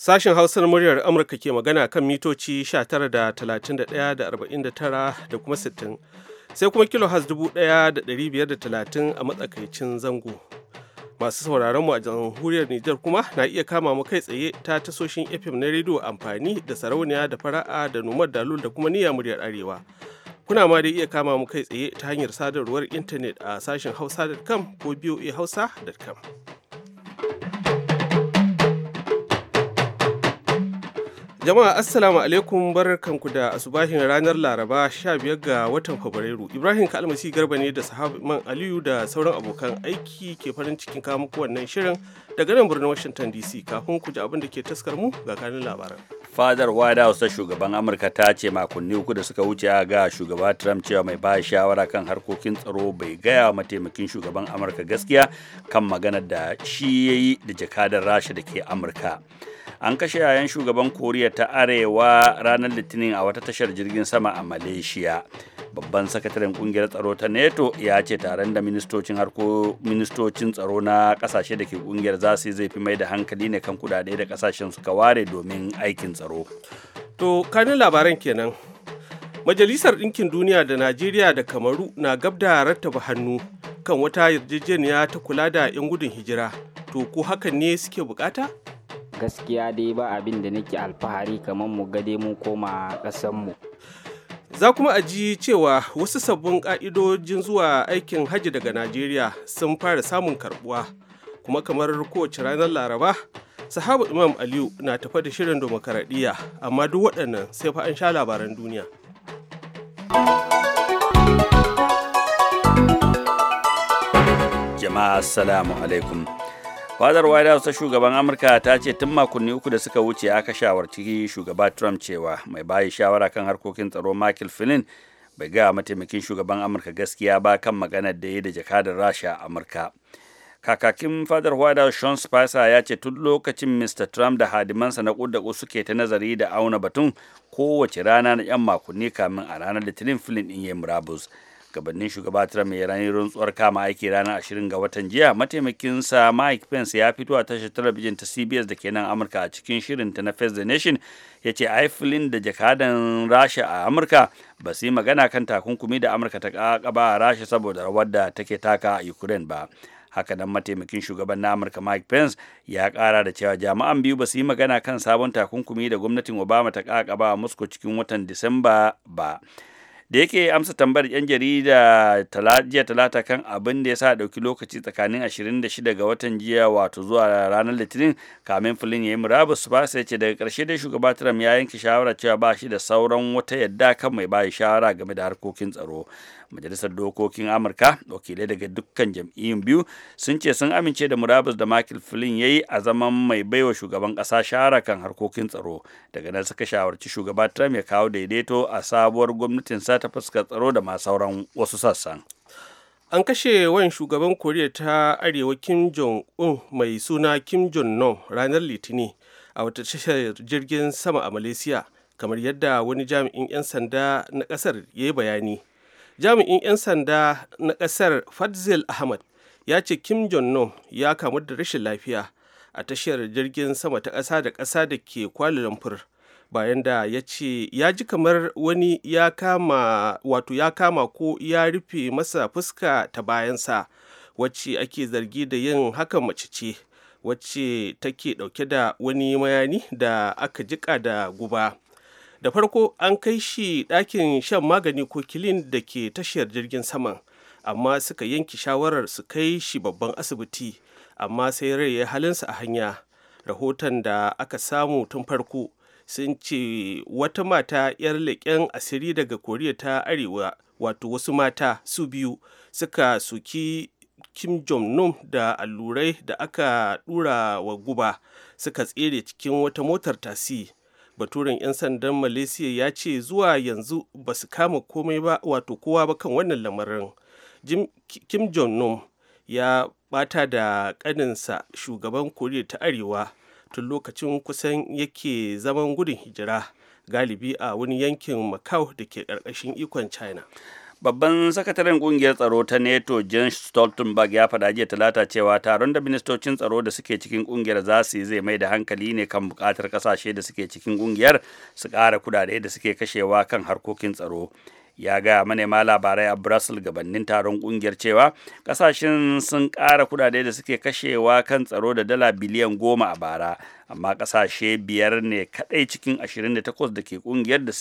Sashen Hausar muryar Amurka ke magana kan mitoci 19 da kuma 60. Sai kuma kilohaz 1530 a matsakaicin zango. Masu sauraron mu a jamhuriyar Nijar kuma na iya kama mu kai tsaye ta tasoshin FM na rediyo amfani da sarauniya da fara'a da numar dalul da kuma niyya muryar arewa. Kuna ma da iya kama mu kai tsaye ta hanyar sadarwar intanet a sashen hausa.com ko boahausa.com. hausa.com. Jama'a Assalamu alaikum barkanku da asubahin ranar Laraba 15 ga watan Fabrairu. Ibrahim Kalmasi Garba ne da sahabu man Aliyu da sauran abokan aiki ke farin cikin kawo muku wannan shirin daga nan birnin Washington DC kafin ku ji abin da ke taskar mu ga kanin labaran. Fadar White House ta shugaban Amurka ta ce makonni uku da suka wuce ga shugaba Trump cewa mai ba shawara kan harkokin tsaro bai gaya wa mataimakin shugaban Amurka gaskiya kan maganar da shi yayi da jakadar Rasha da ke Amurka. an kashe yayan shugaban koriya ta arewa ranar litinin a wata tashar jirgin sama a malaysia babban sakataren kungiyar tsaro ta neto ya ce taron da ministocin harko ministocin tsaro na kasashe da ke kungiyar za su zai fi mai da hankali ne kan kudade da kasashen suka ware domin aikin tsaro to kanin labaran kenan majalisar ɗinkin duniya da najeriya da kamaru na gab da rattaba hannu kan wata yarjejeniya ta kula da 'yan gudun hijira to ko hakan ne suke bukata gaskiya dai ba abin da nake alfahari kamar mu gade mu koma mu. za kuma a ji cewa wasu sabbin ƙa'idojin zuwa aikin hajji daga najeriya sun fara samun karbuwa kuma kamar kowace ranar laraba sahabu imam aliyu na tafa da shirin domokaraɗiyya amma duk waɗannan sai fa an sha labaran duniya jama'a assalamu alaikum fadar white house ta shugaban amurka ta ce tun makonni uku da suka wuce aka shawarci shugaba trump cewa mai bayi shawara kan harkokin tsaro michael flynn bai ga mataimakin shugaban amurka gaskiya ba kan maganar da yi da jakadar rasha amurka kakakin fadar white house sean spicer ya ce tun lokacin mr trump da hadimansa na kudaku suke ta nazari da auna batun kowace rana na 'yan makonni kamin a ranar litinin filin din ya yi murabus gabanin shugaba Trump mai ranar rantsuwar kama aiki ranar 20 ga watan jiya mataimakinsa Mike Pence ya fito a tashar talabijin ta CBS da ke nan Amurka a cikin shirinta na Face the Nation ya ce Eiflin da jakadan Rasha a Amurka ba su yi magana kan takunkumi da Amurka ta kakaba a Rasha saboda rawar da take taka a Ukraine ba. haka nan mataimakin shugaban na amurka mike pence ya kara da cewa jami'an biyu ba su yi magana kan sabon takunkumi da gwamnatin obama ta kakaba a moscow cikin watan disamba ba da yake amsa tambayar yan jarida jiya talata kan abin da ya sa ɗauki lokaci tsakanin 26 ga watan jiya wato zuwa ranar litinin kamin filin ya yi murabus ba sai ce daga karshe dai shugaba trump ya yanke shawara cewa ba shi da sauran wata yadda kan mai bayi shawara game da harkokin tsaro majalisar dokokin amurka wakilai daga dukkan jam'iyyun biyu sun ce sun amince da murabus da michael flynn ya yi a zaman mai baiwa shugaban ƙasa shara kan harkokin tsaro daga nan suka shawarci shugaba trump ya kawo daidaito a sabuwar gwamnatinsa ta fuskar tsaro da ma sauran wasu sassan an kashe wani shugaban koriya ta arewa kim jong-un mai suna kim jong-nam ranar litini a wata tashar jirgin sama a malaysia kamar yadda wani jami'in 'yan sanda na kasar ya yi bayani jami'in 'yan sanda na ƙasar fadzil ahmad ya ce kim jong nam ya kamu da rashin lafiya a tashiyar jirgin sama ta ƙasa da ƙasa da ke kwali lumpur bayan da ya ce ya ji kamar wani ya kama wato ya kama ko ya rufe masa fuska ta bayansa wacce ake zargi da yin hakan mace ce wacce take dauke da wani mayani da aka jika da guba da farko an kai shi ɗakin shan magani ko kilin da ke tashiyar jirgin saman amma suka yanke shawarar su kai shi babban asibiti amma sai rai ya halinsa a hanya rahoton da aka samu tun farko sun ce wata mata 'yar leƙen asiri daga koriya ta arewa wato wasu mata su biyu suka suki kim jong nun da allurai da aka dura wa guba suka tsere cikin wata motar tasi baturen 'yan sandan malaysia ya ce zuwa yanzu ba su kama komai ba wato kowa ba kan wannan lamarin kim jong-un ya bata da kaninsa shugaban koriya ta arewa tun lokacin kusan yake zaman gudun hijira galibi a wani yankin macau da ke ƙarƙashin ikon china Babban sakataren kungiyar tsaro ta NATO Jens Stoltenberg ya faɗa jiya talata cewa taron da ministocin tsaro da suke cikin kungiyar za su yi zai mai da hankali ne kan buƙatar ƙasashe da suke cikin kungiyar su ƙara kudade da suke kashewa kan harkokin tsaro. ya gaya manema labarai a brussels gabanin taron kungiyar cewa kasashen sun ƙara kudade da suke kashewa kan tsaro da dala biliyan goma a bara amma kasashe biyar ne kadai cikin 28 da ke kungiyar da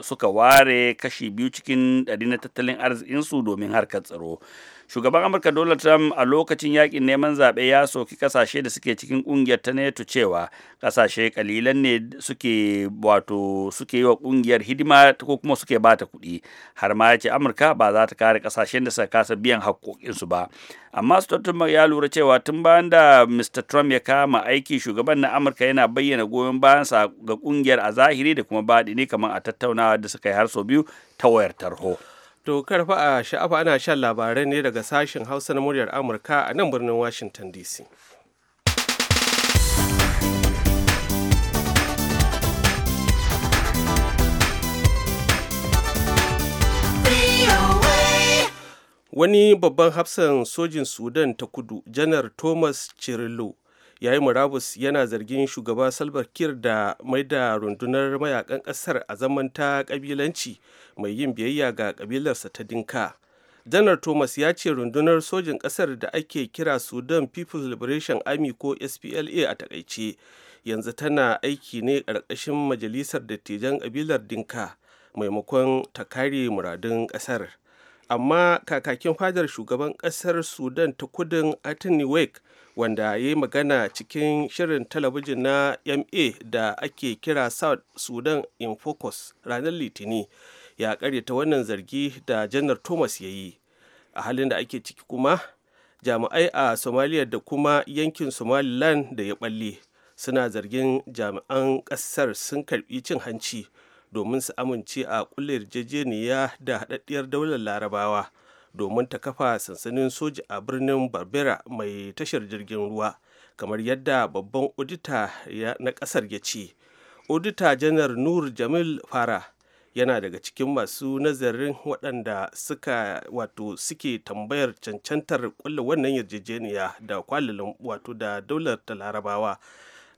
suka ware kashi biyu cikin ɗari na tattalin arzikinsu domin harkar tsaro shugaban amurka donald trump a lokacin yakin neman zaɓe ya soki ƙasashe da suke cikin ƙungiyar ta neto cewa kasashe kalilan ne suke wato suke yi wa ƙungiyar hidima ko kuma suke ba ta kuɗi har ma ya ce amurka ba za ta kare ƙasashen da suka kasa biyan haƙƙoƙinsu ba amma stoltenberg ya lura cewa tun bayan da mr trump ya kama aiki shugaban na amurka yana bayyana goyon bayansa ga ƙungiyar a zahiri da kuma baɗi ne kamar a tattaunawa da suka yi har sau biyu ta wayar tarho. To karfa a sha'afa ana shan labarai ne daga sashen Hausa na muryar Amurka a nan birnin Washington DC. Wani babban hafsan sojin Sudan ta kudu, Janar Thomas Cirillo, yayi murabus yana zargin shugaba salva kiir da maida rundunar mayakan kasar a zaman ta ƙabilanci mai yin biyayya ga ƙabilarsa ta dinka janar thomas ya ce rundunar sojin kasar da ake kira sudan people's liberation army ko spla a takaice yanzu tana aiki ne ƙarƙashin majalisar dattijan ƙabilar dinka maimakon ta kare muradun ƙasar amma kakakin fadar shugaban ƙasar sudan ta kudin atani wake wanda ya yi magana cikin shirin talabijin na ma da ake kira south sudan in focus ranar litini ya karyata wannan zargi da janar thomas ya yi a halin da ake ciki kuma jami'ai a somaliya da kuma yankin somaliland da ya balle suna zargin jami'an ƙasar sun karbi cin hanci domin su amince a kulle yarjejeniya da haɗaɗɗiyar daular larabawa domin ta kafa sansanin soja a birnin barbera mai tashar jirgin ruwa kamar yadda babban odita na kasar ya ce odita janar nur jamil fara yana daga cikin masu nazarin waɗanda suka wato suke tambayar cancantar kulle wannan yarjejeniya da kwallon wato da daular ta larabawa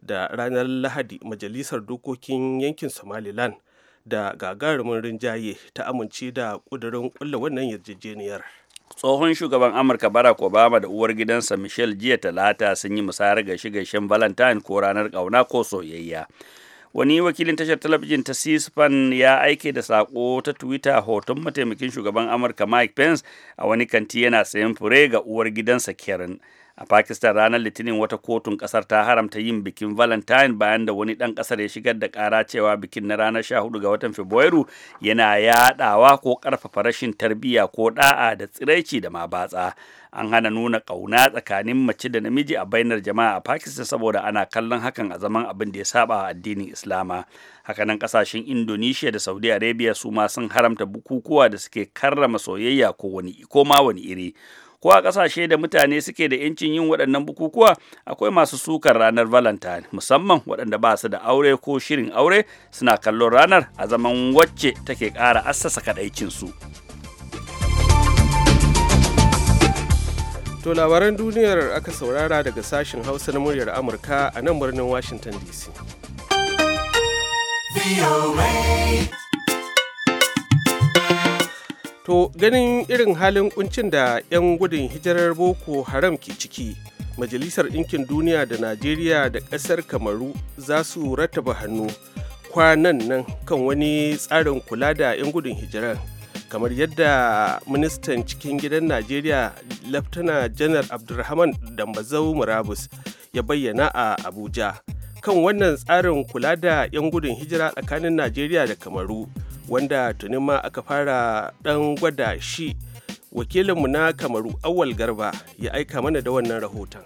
da ranar lahadi majalisar dokokin yankin somaliland da gagarumin rinjaye ta amince da ƙudurin ƙulla wannan yarjejeniyar tsohon shugaban amurka barack obama da uwar gidansa michelle jiya talata sun yi musayar gaishe-gaishen valentine ko ranar kauna ko soyayya wani wakilin tashar talabijin ta c-span ya aike da sako ta twitter hoton mataimakin shugaban amurka mike pence a wani kanti yana sayan fure ga uwar gidansa karen a pakistan ranar litinin wata kotun kasar ta haramta yin bikin valentine bayan da wani dan kasar ya shigar da kara cewa bikin na ranar 14 ga watan fabrairu yana yadawa ko karfafa rashin tarbiyya ko da'a da tsiraici da mabatsa. an hana nuna kauna tsakanin mace da namiji a bainar jama'a a pakistan saboda ana kallon hakan a zaman abin da ya saba a addinin islama hakanan kasashen indonesia da saudi arabia su ma sun haramta bukukuwa da suke karrama soyayya ko ko ma wani iri ko a ƙasashe da mutane suke da yancin yin waɗannan bukukuwa akwai masu sukar ranar valentine musamman waɗanda ba su da aure ko shirin aure suna kallon ranar a zaman wacce take ƙara assasa kaɗaicin su to labaran duniyar aka saurara daga sashen hausa na muryar amurka a nan birnin washington dc To ganin irin halin kuncin da 'yan gudun hijirar Boko Haram ke ciki, Majalisar Ɗinkin Duniya da Najeriya da ƙasar Kamaru za su rattaba hannu kwanan nan kan wani tsarin kula da 'yan gudun hijirar. Kamar yadda ministan cikin gidan Najeriya Laftana Janar Abdulrahman Dambazau Murabus ya bayyana a Abuja kan wannan tsarin kula da 'yan gudun hijira tsakanin Najeriya da Kamaru. wanda tuni ma aka fara dan gwada shi wakilinmu na kamaru awal garba ya aika mana da wannan rahoton.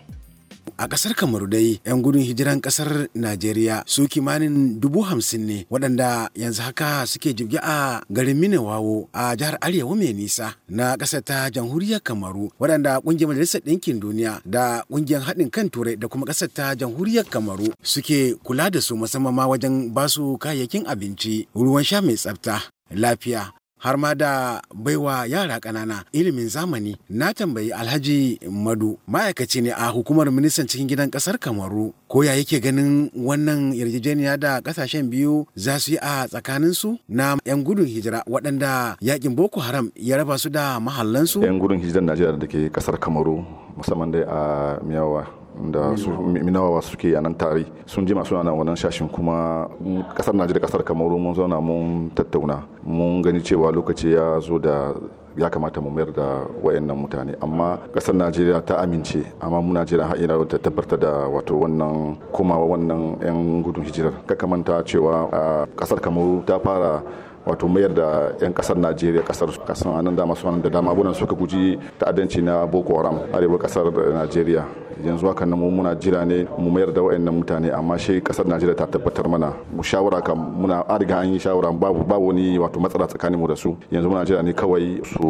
a ƙasar kamaru dai 'yan gudun hijiran ƙasar najeriya su kimanin dubu hamsin ne waɗanda yanzu haka suke jirgi a garin minewawo a jihar arewa mai nisa na ƙasar ta jamhuriyar kamaru waɗanda ƙungiyar majalisar ɗinkin duniya da ƙungiyar haɗin kan turai da kuma ƙasar ta jamhuriyar kamaru suke kula da su musamman ma wajen basu kayayyakin abinci ruwan sha mai tsafta lafiya har ma da baiwa yara ƙanana ilimin zamani na tambayi alhaji madu ma'aikaci ne a hukumar ministan cikin gidan ƙasar kamaru ko ya yake ganin wannan yarjejeniya da ƙasashen biyu za su yi a tsakaninsu na 'yan gudun hijira waɗanda yakin boko haram ya raba su da mahallansu 'yan gudun hijirar najeriya da ke ƙasar kamaru musamman dai a miyawa da su minawa suke a nan tare sun jima suna nan wannan shashin kuma kasar najeriya kasar kamaru mun zauna mun tattauna mun gani cewa lokaci ya zo da ya kamata mu mayar da wayannan mutane amma kasar najeriya ta amince amma mu najeriya har ta tabbatar da wato wannan komawa wannan yan gudun hijirar kakamanta cewa kasar kamaru ta fara wato mayar da 'yan kasar najeriya kasar kasan anan dama su da dama abunan suka guji ta'addanci na boko haram arewa kasar najeriya yanzu haka nan muna jira ne mu mayar da wa'annan mutane amma shi kasar najeriya ta tabbatar mana mu shawara kan muna arga an yi shawara babu babu wani wato matsala tsakanin mu da su yanzu muna jira ne kawai su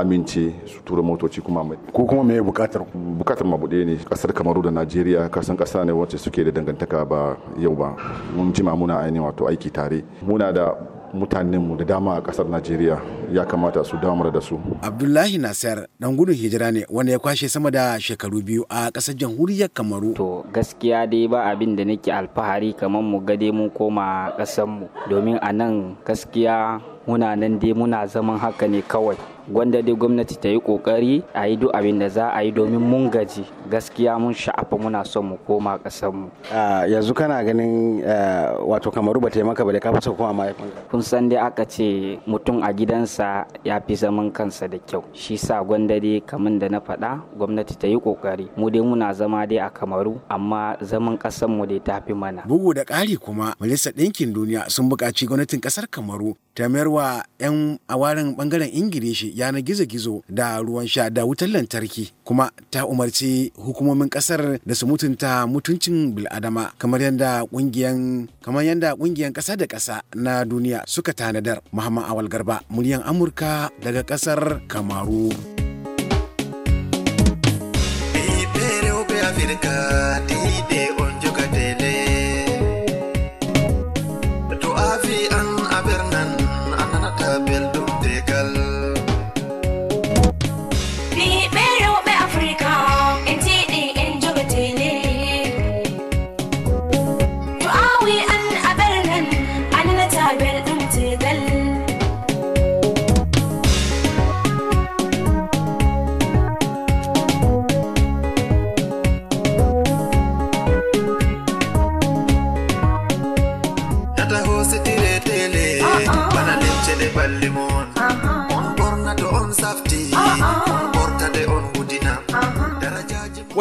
amince su tura motoci kuma mai ko kuma me bukatar bukatar mu bude ne kasar kamaru da najeriya kasan kasa ne wacce suke da dangantaka ba yau ba mun jima muna ainihin wato aiki tare muna da mutanenmu da dama a kasar najeriya ya kamata su damar da su abdullahi nasir dan gudun hijira ne wanda ya kwashe sama da shekaru biyu a kasar jamhuriyar kamaru to gaskiya dai ba abin da nake alfahari kamar mu gade mu koma mu domin a nan gaskiya muna nan dai muna zaman haka ne kawai gwanda dai gwamnati ta yi kokari a yi duk abin da za a yi domin mun gaji gaskiya mun sha'afa muna son mu koma ƙasar mu yanzu kana ganin eh, wato kamaru ba taimaka ba da kafa sau kuma kun san dai aka ce mutum a gidansa ya fi zaman kansa da kyau shi sa gwanda dai kamar da na faɗa gwamnati ta yi kokari mu dai muna zama dai a kamaru amma zaman ƙasar mu dai ta fi mana bugu da ƙari kuma majalisar ɗinkin duniya sun buƙaci gwamnatin ƙasar kamaru ta mayar wa 'yan awarin bangaren ingilishi yanar gizo-gizo da ruwan sha da wutar lantarki kuma ta umarci hukumomin kasar da su mutunta mutuncin biladama kamar yadda kungiyan kamar yadda kungiyan kasa da kasa na duniya suka tanadar muhammad awal garba muryan amurka daga kasar kamaru.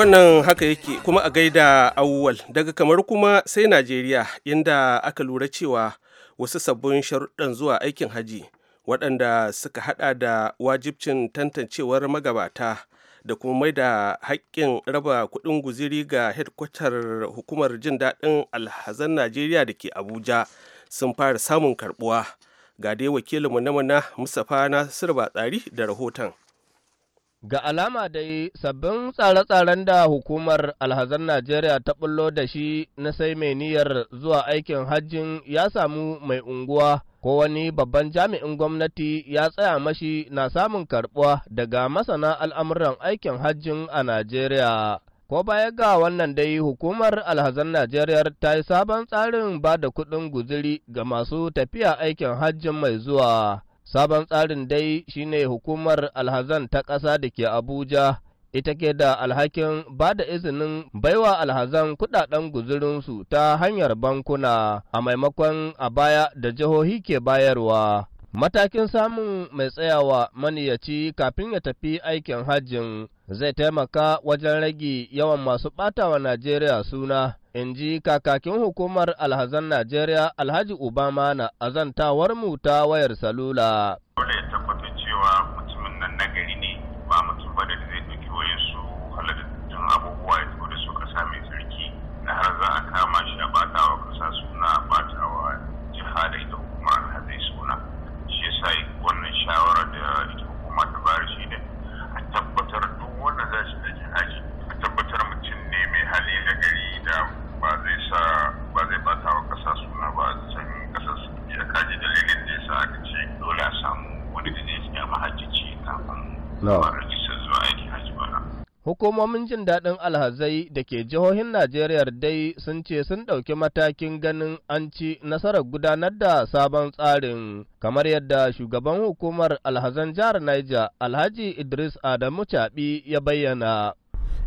wannan haka yake kuma a gaida awwal daga kamar kuma sai najeriya inda aka lura cewa wasu sabbin sharuɗan zuwa aikin haji waɗanda suka hada da wajibcin tantancewar magabata da kuma mai da haƙƙin raba kuɗin guziri ga hedkwatar hukumar jin daɗin alhazan najeriya da ke abuja sun fara samun karbuwa ga dai wakilinmu na mana na nasir batsari da rahoton Ga alama dai sabbin tsare-tsaren da hukumar alhazan Najeriya ta bullo da shi na sai mai niyyar zuwa aikin hajjin ya samu mai unguwa ko wani babban jami'in gwamnati ya tsaya mashi na samun karɓuwa daga masana al'amuran aikin hajjin a Najeriya. Ko baya ga wannan dai hukumar alhazan Najeriya ta yi sabon tsarin ba da kuɗin guziri ga masu tafiya aikin hajjin mai zuwa. Sabon tsarin dai shine hukumar alhazan ta ƙasa da ke Abuja ita ke da alhakin ba da izinin baiwa alhazan kudaden guzurinsu ta hanyar bankuna a maimakon a baya da jihohi ke bayarwa. Matakin samun mai tsayawa maniyaci kafin ya tafi aikin hajjin zai taimaka wajen rage yawan masu ɓatawa Najeriya suna, in ji kakakin hukumar alhazan Najeriya Alhaji Obama na azantawar mu ta wayar salula. Dole ya tabbata cewa mutumin nan gari ne ba mutum ba da zai ɗauki wayansu halittun abubuwa ya da su sami sarki tsarki na har za a kama Hukumomin jin daɗin alhazai da ke jihohin Najeriya dai sun ce sun ɗauki matakin ganin an ci nasarar gudanar da sabon tsarin, kamar yadda shugaban hukumar alhazan jihar Niger Alhaji Idris Adamu Caɓi ya bayyana.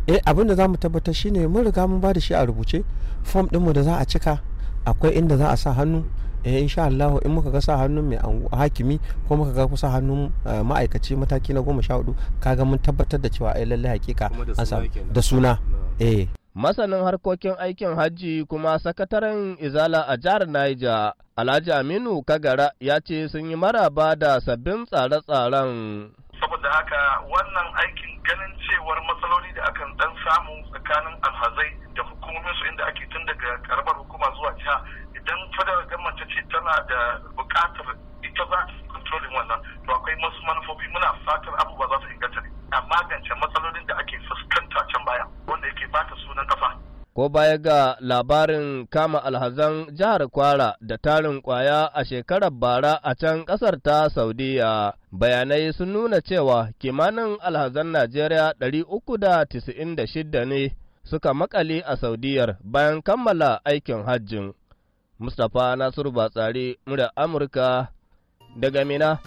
Eh abin da za mu tabbatar shine mun riga mun ba da shi a rubuce, fom ɗinmu da za a cika akwai inda za a sa hannu eh insha Allah in muka ga sa hannun mai hakimi ko muka ga kusa hannun eh, ma'aikaci mataki na goma sha hudu kaga mun tabbatar da cewa ai eh, lallai hakika an samu da suna eh masanin harkokin aikin hajji kuma sakataren izala a jihar Niger Alhaji Aminu Kagara ya ce sun yi maraba da sabbin tsare-tsaren saboda haka wannan aikin ganin cewar matsaloli da akan dan samu tsakanin alhazai da hukumomin su inda ake tun daga karamar hukuma zuwa jiha idan fadar gamance ce tana da bukatar ita za ta controlin wannan to akwai masu manufofi muna fatar abubuwa za su inganta ne a magance matsalolin da ake fuskanta can baya wanda yake bata sunan kafa ko baya ga labarin kama alhazan jihar Kwara da tarin kwaya a shekarar bara a can ƙasar ta Saudiya. Bayanai sun nuna cewa kimanin alhazan Najeriya 396 ne suka maƙale a Saudiyar bayan kammala aikin hajjin. Mustapha Nasiru Batsari, murya Amurka daga Mina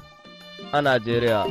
a Najeriya.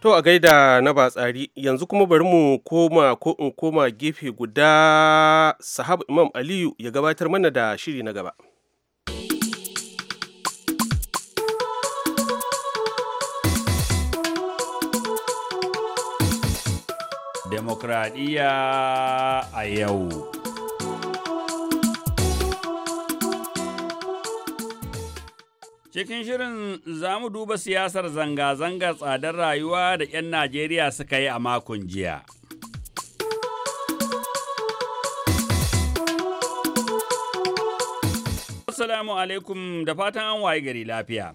To a gaida na ba tsari yanzu kuma bari mu koma ko in koma gefe guda sahab Imam Aliyu ya gabatar mana da shiri na gaba. Demokradiyya a yau. Cikin shirin za mu duba siyasar zanga zanga tsadar rayuwa da 'yan Najeriya suka yi a makon jiya. Assalamu alaikum da fatan an waye gari lafiya.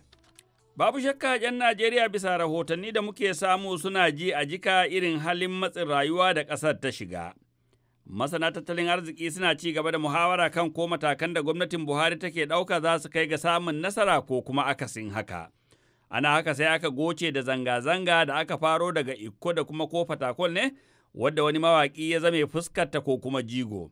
Babu shakka 'yan Najeriya bisa rahotanni da muke samu suna ji a jika irin halin matsin rayuwa da ƙasar ta shiga. Masana tattalin arziki suna ci gaba da muhawara kan ko matakan da gwamnatin Buhari take ɗauka za su kai ga samun nasara ko kuma akasin haka. Ana haka sai aka goce da zanga-zanga da aka faro daga Ikko da kuma ko fatakol ne, wadda wani mawaki ya zame fuskarta ko kuma jigo.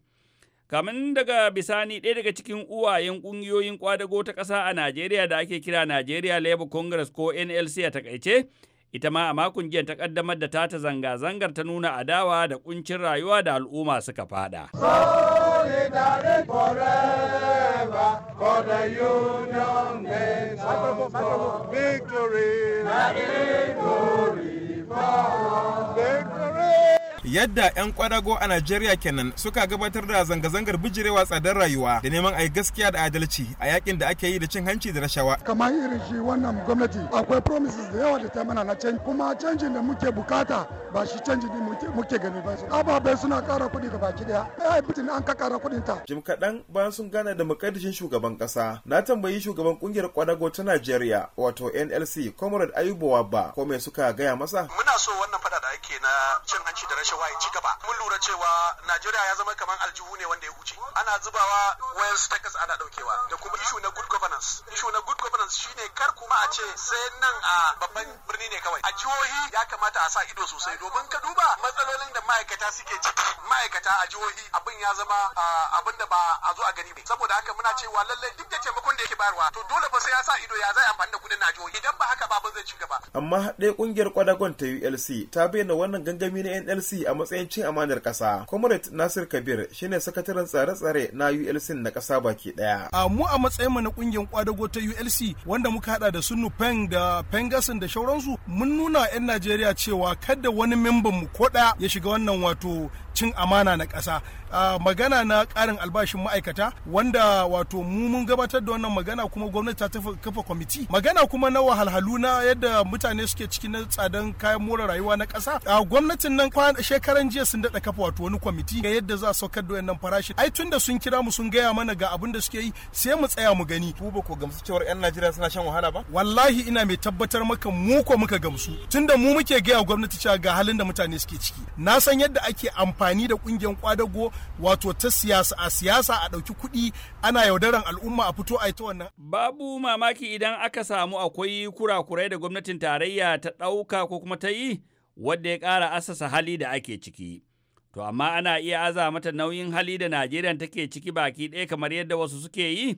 Kamin daga bisani ɗaya daga cikin uwayen ƙungiyoyin ƙwadago ta ƙasa a Najeriya da ake kira Najeriya Labour Congress ko NLC a takaice, ita ma a makon jiya ta kaddamar da tata zanga-zangar ta nuna adawa da kuncin rayuwa da al'umma suka fada. Victory! Victory! yadda 'yan kwadago a Najeriya kenan suka gabatar da zanga-zangar bijirewa tsadar rayuwa da neman a yi gaskiya da adalci a yakin da ake yi da cin hanci da rashawa. Kamar irin shi wannan gwamnati akwai promises da yawa da ta mana na canji kuma canjin da muke bukata ba shi canji ne muke gani ba su. Ababai suna kara kuɗi ga baki daya. Ai Putin an ka kara kuɗin ta. Jim kaɗan bayan sun gana da mukaddishin shugaban ƙasa na tambayi shugaban ƙungiyar kwadago ta Najeriya wato NLC Comrade Ayuba Wabba ko me suka gaya masa. Muna so wannan fada da ake na cin hanci da rashawa zubawa ya ci gaba mun lura cewa najeriya ya zama kamar aljihu ne wanda ya huce ana zubawa wayan stakas ana daukewa da kuma ishu na good governance ishu na good governance shine kar kuma a ce sai nan a babban birni ne kawai a jihohi ya kamata a sa ido sosai domin ka duba matsalolin da ma'aikata suke ciki ma'aikata a jihohi abin ya zama abin da ba a zo a gani ba saboda haka muna cewa lallai duk da taimakon da yake bayarwa to dole fa sai ya sa ido ya zai amfani da kudin na jihohi idan ba haka ba zai ci gaba amma haɗe kungiyar kwadagon ta ULC ta bayyana wannan gangami na NLC a matsayin cin amanar ƙasa. Comrade Nasir Kabir shine sakataren tsare-tsare na ULC na ƙasa baki ɗaya. A mu a matsayin mu na ƙungiyar kwadago ta ULC wanda muka haɗa da Sunu Peng da Pengasin da shauransu mun nuna 'yan Najeriya cewa kada wani memban mu ko ya shiga wannan wato cin amana na ƙasa magana na ƙarin albashin ma'aikata wanda wato mu mun gabatar da wannan magana kuma gwamnati ta kafa kwamiti magana kuma na wahalhalu na yadda mutane suke ciki na tsadan kayan more rayuwa na ƙasa gwamnatin nan shekaran jiya sun daɗa kafa wato wani kwamiti ga yadda za a saukar da wannan farashin ai tun da sun kira mu sun gaya mana ga abin da suke yi sai mu tsaya mu gani ku ba ko gamsu cewar yan Najeriya suna shan wahala ba wallahi ina mai tabbatar maka mu ko muka gamsu tunda mu muke gaya gwamnati cewa ga halin da mutane suke ciki na san yadda ake amfani amfani da kungiyar kwadago wato ta siyasa a siyasa a ɗauki kuɗi ana yaudaran al'umma a fito a ita wannan. Babu mamaki idan aka samu akwai kurakurai da gwamnatin tarayya ta ɗauka ko kuma ta yi wadda ya ƙara asasa hali da ake ciki. To amma ana iya aza mata nauyin hali da Najeriya take ciki baki ɗaya kamar yadda wasu suke yi.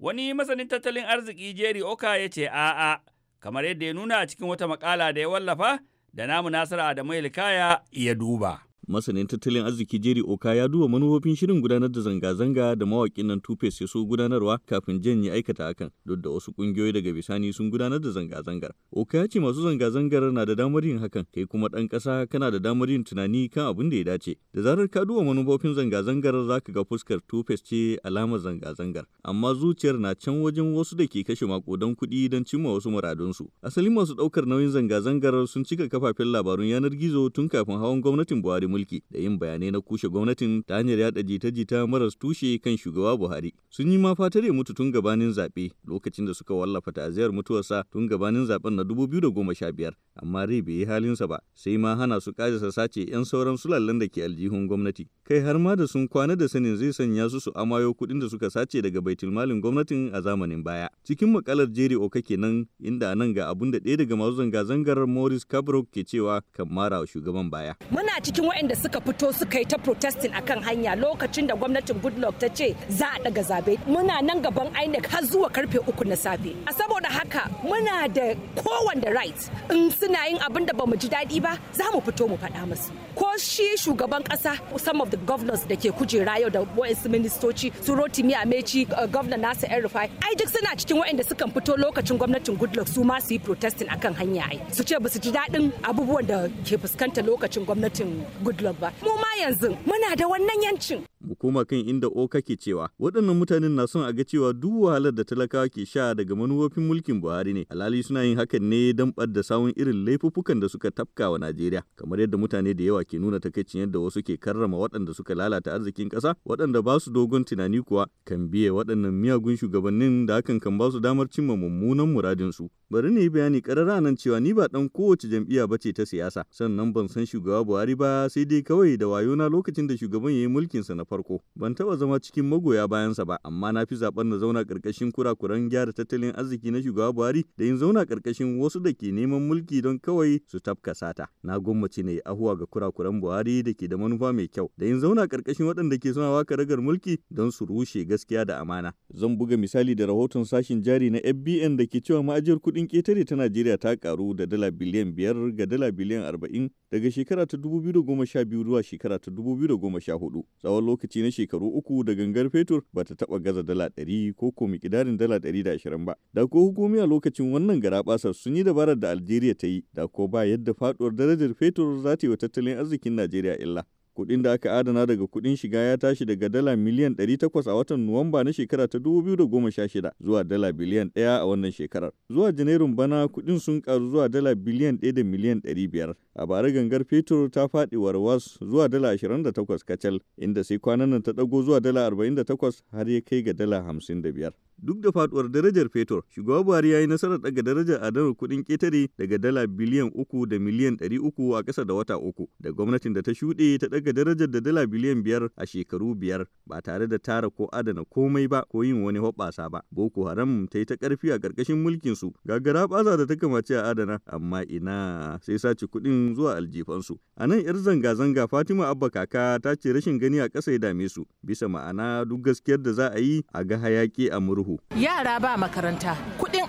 Wani masanin tattalin arziki Jerry Oka ya ce a'a kamar yadda ya nuna a cikin wata makala da ya wallafa da namu Nasiru Adamu Ilkaya ya duba. masanin tattalin arziki jeri oka ya duba manufofin shirin gudanar da zanga-zanga da mawakin nan ya ya so gudanarwa kafin jan ya aikata hakan duk da wasu kungiyoyi daga bisani sun gudanar da zanga-zangar oka ya ce masu zanga-zangar na da damar yin hakan kai kuma ɗan ƙasa kana da damar yin tunani kan abin da ya dace da zarar ka duba manufofin zanga-zangar za ka ga fuskar tufe ce alamar zanga-zangar amma zuciyar na can wajen wasu da ke kashe makodan kuɗi don cimma wasu muradunsu asalin masu ɗaukar nauyin zanga-zangar sun cika kafafen labarun yanar gizo tun kafin hawan gwamnatin buhari mulki da yin bayanai na kushe gwamnatin ta hanyar yada jita-jita maras tushe kan shugaba Buhari. Sun yi ma fatar ya mutu tun gabanin zaɓe lokacin da suka wallafa ta'aziyar mutuwarsa tun gabanin zaben na 2015 amma rai bai yi halinsa ba sai ma hana su sa sace 'yan sauran sulallen da ke aljihun gwamnati. Kai har ma da sun kwana da sanin zai sanya su su amayo kuɗin da suka sace daga malin gwamnatin a zamanin baya. Cikin makalar jeri oka kenan inda nan ga abun da ɗaya daga masu zanga-zangar Morris Cabrok ke cewa kan mara shugaban baya. Muna cikin da suka fito suka yi ta protestin a kan hanya lokacin da gwamnatin goodluck ta ce za a daga zabe muna nan gaban inec har zuwa karfe uku na safe a saboda haka muna da kowanne right in suna yin abin da bamu ji daɗi ba za mu fito mu faɗa musu ko shi shugaban ƙasa some of the governors da ke kujera yau da wa'ansu ministoci su rotimi amechi gwamna nasa yan rufai ai duk suna cikin waɗanda sukan fito lokacin gwamnatin goodluck su ma su yi a akan hanya ai su ce ba su ji daɗin abubuwan da ke fuskanta lokacin gwamnatin goodluck goodluck ba mu ma yanzu muna da wannan yancin hukuma kan inda oka ke cewa waɗannan mutanen na son a ga cewa duk wahalar da talakawa ke sha daga manufofin mulkin buhari ne alhali suna yin hakan ne don ɓadda sawun irin laifuffukan da suka tafka wa najeriya kamar yadda mutane da yawa ke nuna takaicin yadda wasu ke karrama waɗanda suka lalata arzikin ƙasa waɗanda ba su dogon tunani kuwa kan biye waɗannan miyagun shugabannin da hakan kan ba su damar cimma mummunan muradinsu bari ne bayani karara nan cewa ni ba ɗan kowace jam'iyya ce ta siyasa sannan ban san shugaba buhari ba sai dai kawai da wayona lokacin da shugaban ya yi mulkinsa na farko. Ban taɓa zama cikin magoya bayansa ba, amma na fi zaɓen na zauna ƙarƙashin kurakuran gyara tattalin arziki na shugaba Buhari da yin zauna ƙarƙashin wasu da ke neman mulki don kawai su tafka sata. Na gwammace ne ahuwa ga kurakuran Buhari da ke da manufa mai kyau, da yin zauna ƙarƙashin waɗanda ke suna waka ragar mulki don su rushe gaskiya da amana. Zan buga misali da rahoton sashin jari na FBN da ke cewa ma'ajiyar kuɗin ƙetare ta Najeriya ta ƙaru da dala biliyan biyar ga dala biliyan arba'in daga shekara ta 2012 zuwa shekara ta 2014 tsawon lokaci na shekaru uku da gangar fetur ba ta taɓa gaza dala 100 ko komi kidarin dala 120 ba da ko hukumi a lokacin wannan garabasar sun yi dabarar da Algeria ta yi da ko ba yadda faduwar darajar fetur za ta yi wa tattalin arzikin Najeriya illa Kuɗin da aka adana daga kuɗin shiga ya tashi daga dala miliyan 800 a watan Nuwamba na shekara ta 2016 zuwa dala biliyan 1 a wannan shekarar. Zuwa Janairun bana kuɗin sun karu zuwa dala biliyan 1 da miliyan 500. A bara gangar fetur ta faɗi warwas zuwa dala 28 kacal, inda sai kwanan nan ta ɗago zuwa dala 48 har ya kai ga dala 55. Duk da faduwar darajar fetur, shugaba Buhari ya yi nasarar daga darajar adanar kuɗin ƙetare daga dala biliyan uku da miliyan ɗari uku a ƙasa da wata uku, da gwamnatin da ta shuɗe ta daga darajar da dala biliyan biyar a shekaru biyar ba tare da tara ko adana komai ba ko yin wani hoɓɓasa ba. Boko Haram ta yi ta ƙarfi a ƙarƙashin mulkin su gagara ɓaza da ta kamace a adana, amma ina sai sace kuɗin zuwa aljifansu. A nan 'yar zanga-zanga Fatima Abba Kaka ta ce rashin gani a ƙasa ya dame su, bisa ma'ana duk gaskiyar da za a yi a ga hayaƙi a murhu. Yara ba makaranta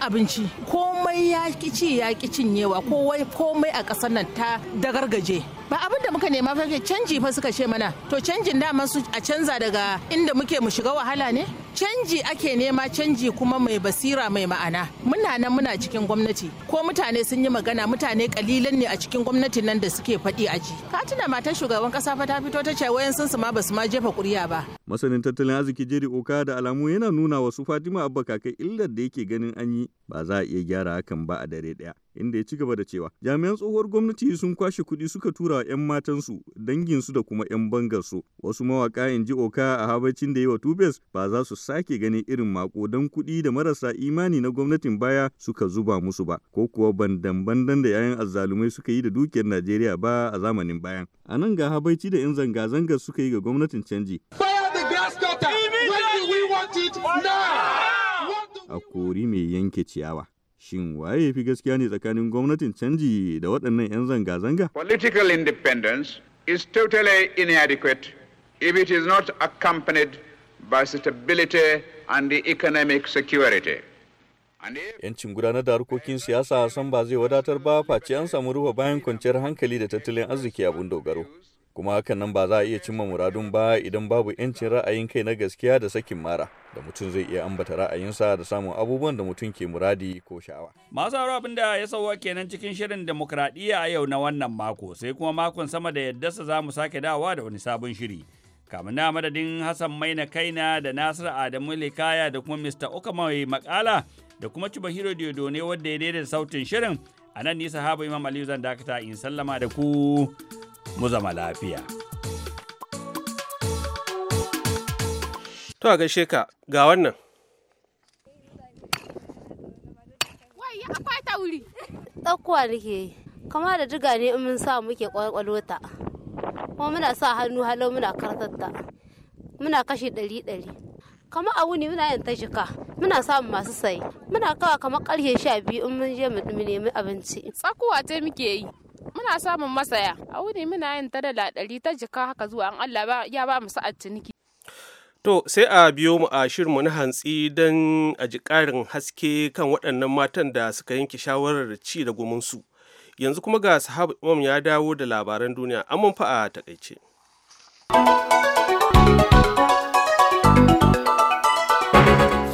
abinci komai ya kici ya ki cinyewa komai a ƙasar nan ta dagargaje ba abin da muka nema fa canji fa suka ce mana to canjin dama su a canza daga inda muke mu shiga wahala ne canji ake nema canji kuma mai basira mai ma'ana muna nan muna cikin gwamnati ko mutane sun yi magana mutane kalilan ne a cikin gwamnati nan da suke faɗi a ji ka tuna matar shugaban ƙasa fa ta fito ta ce wayan sun su ma basu ma jefa kuriya ba masanin tattalin arziki jeri oka da alamu yana nuna wasu fatima abba kakai illar da yake ganin an yi ba za a iya gyara hakan ba a dare ɗaya inda ya ci gaba da cewa jami'an tsohuwar gwamnati sun kwashe kuɗi suka tura 'yan matansu danginsu da kuma 'yan bangarsu wasu mawaka in ji oka a habacin da yi wa tubes ba za su sake ganin irin mako don kuɗi da marasa imani na gwamnatin baya suka zuba musu ba ko kuwa bandan-bandan da 'ya'yan azzalumai suka yi da dukiyar najeriya ba a zamanin bayan a nan ga habaici da 'yan zanga-zangar suka yi ga gwamnatin canji. a kori mai yanke ciyawa. Shin waye fi gaskiya ne tsakanin gwamnatin canji da waɗannan 'yan zanga-zanga? Political independence is totally inadequate if it is not accompanied by stability and the economic security. Yancin gudanar da harkokin siyasa san ba zai wadatar ba face an samu ruwa bayan kwanciyar hankali da tattalin arziki abun dogaro. kuma hakan nan ba za a iya cimma muradun ba idan babu yancin ra'ayin kai na gaskiya da sakin mara da mutum zai iya ambata ra'ayinsa da samun abubuwan da mutum ke muradi ko sha'awa. Masu haro abin da ya sauwa kenan cikin shirin demokradiyya a yau na wannan mako sai kuma makon sama da yadda za mu sake dawa da wani sabon shiri. Kamun na madadin Hassan Maina Kaina da Nasir Adamu Likaya da kuma Mr. Okamai Makala da kuma ci Chibahiro Diodone wadda ya daidaita sautin shirin a nan nisa habu Imam Aliyu zan dakata in sallama da ku mu zama lafiya. To a gaishe ka ga wannan. Wai akwai tauri. Ɗaukowa nake kama da diga ne in mun sa muke ƙwaƙwalo ta. Kuma muna sa hannu halau muna karatatta Muna kashe ɗari ɗari. Kama a wuni muna yin tashika Muna samun masu sayi. Muna kawa kamar ƙarshe sha biyu in mun je mu nemi abinci. Tsakuwa ce muke yi. muna samun masaya a wuni muna yin ta da ɗari ta jika haka zuwa an Allah ya ba mu sa'ad ciniki To sai a biyo mu a shirmu na hantsi don a ji ƙarin haske kan waɗannan matan da suka yanke shawarar ci da su Yanzu kuma ga sahabu imam ya dawo da labaran duniya amma fa a takaice.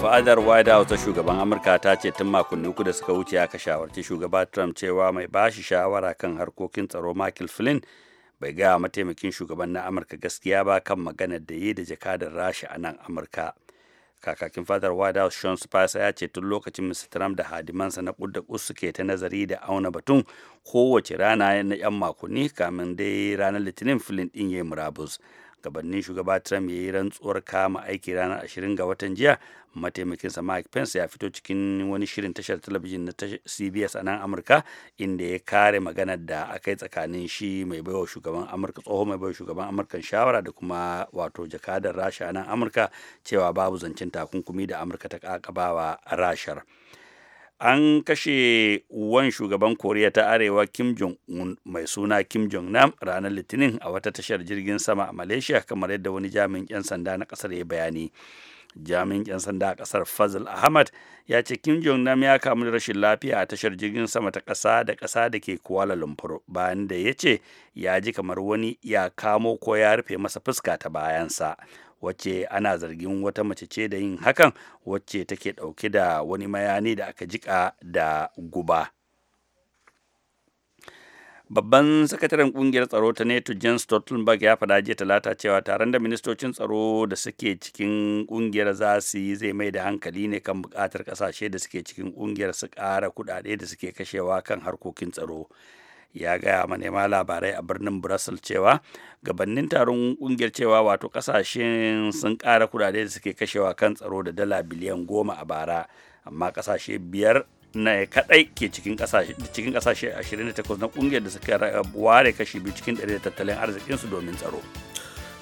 fa'adar white house ta shugaban amurka ta ce tun makonni uku da suka wuce aka shawarci shugaba trump cewa mai bashi shawara kan harkokin tsaro michael flynn bai gaya mataimakin shugaban na amurka gaskiya ba kan maganar da yi da jakadar rasha a nan amurka kakakin fadar white house sean spicer ya ce tun lokacin mr trump da hadimansa na kudda kus suke ta nazari da auna batun kowace rana na yan makonni kamin dai ranar litinin filin din ya murabus gabanin shugaba trump ya yi rantsuwar kama aiki ranar 20 ga watan jiya mataimakinsa mike pence ya fito cikin wani shirin tashar talabijin na cbs a nan amurka inda ya kare maganar da aka yi tsakanin shi mai baiwa shugaban amurka tsoho mai baiwa shugaban amurka shawara da kuma wato jakadar rasha a nan amurka cewa babu zancen takunkumi da amurka ta kakabawa rashar. an kashe uwan shugaban koriya ta arewa kim jong un mai suna kim jong nam ranar litinin a wata tashar jirgin sama a malaysia kamar yadda wani jami'in 'yan sanda na kasar ya bayani jami'in 'yan sanda a kasar fazil ahmad ya ce kim jong nam ya kamu da rashin lafiya a tashar jirgin sama ta kasa da kasa da ke kuala lumpur bayan da ya ce ya ji kamar wani ya kamo ko ya rufe masa fuska ta bayansa wacce ana zargin wata mace ce da yin hakan wacce take dauke da wani mayani da aka jika da guba babban sakataren kungiyar tsaro ta neto jens stoltenberg ya faɗa jiya talata cewa taron da ministocin tsaro da suke cikin kungiyar za su yi zai mai da hankali ne kan buƙatar ƙasashe da suke cikin kungiyar su ƙara kuɗaɗe da suke kashewa kan harkokin tsaro ya gaya manema labarai a birnin brussels cewa gabannin taron kungiyar cewa wato kasashen sun kara kudade da suke kashewa kan tsaro da dala biliyan goma a bara amma kasashe biyar na kadai ke cikin kasashe cikin kasashe 28 na kungiyar da suka ware kashi biyu cikin 100 tattalin arzikinsu domin tsaro.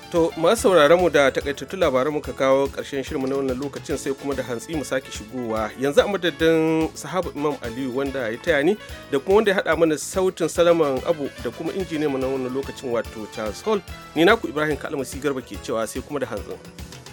To masu sauraron mu da takaitattu labaran muka kawo ƙarshen shirin na wannan lokacin sai kuma da hantsi mu sake shigowa. Yanzu a madadin sahabu Imam Aliyu wanda ya taya ni da kuma wanda ya haɗa mana sautin Salaman Abu da kuma injiniyan mu na wannan lokacin wato Charles Hall. Ni naku Ibrahim Kalmasi Garba ke cewa sai kuma da hantsin.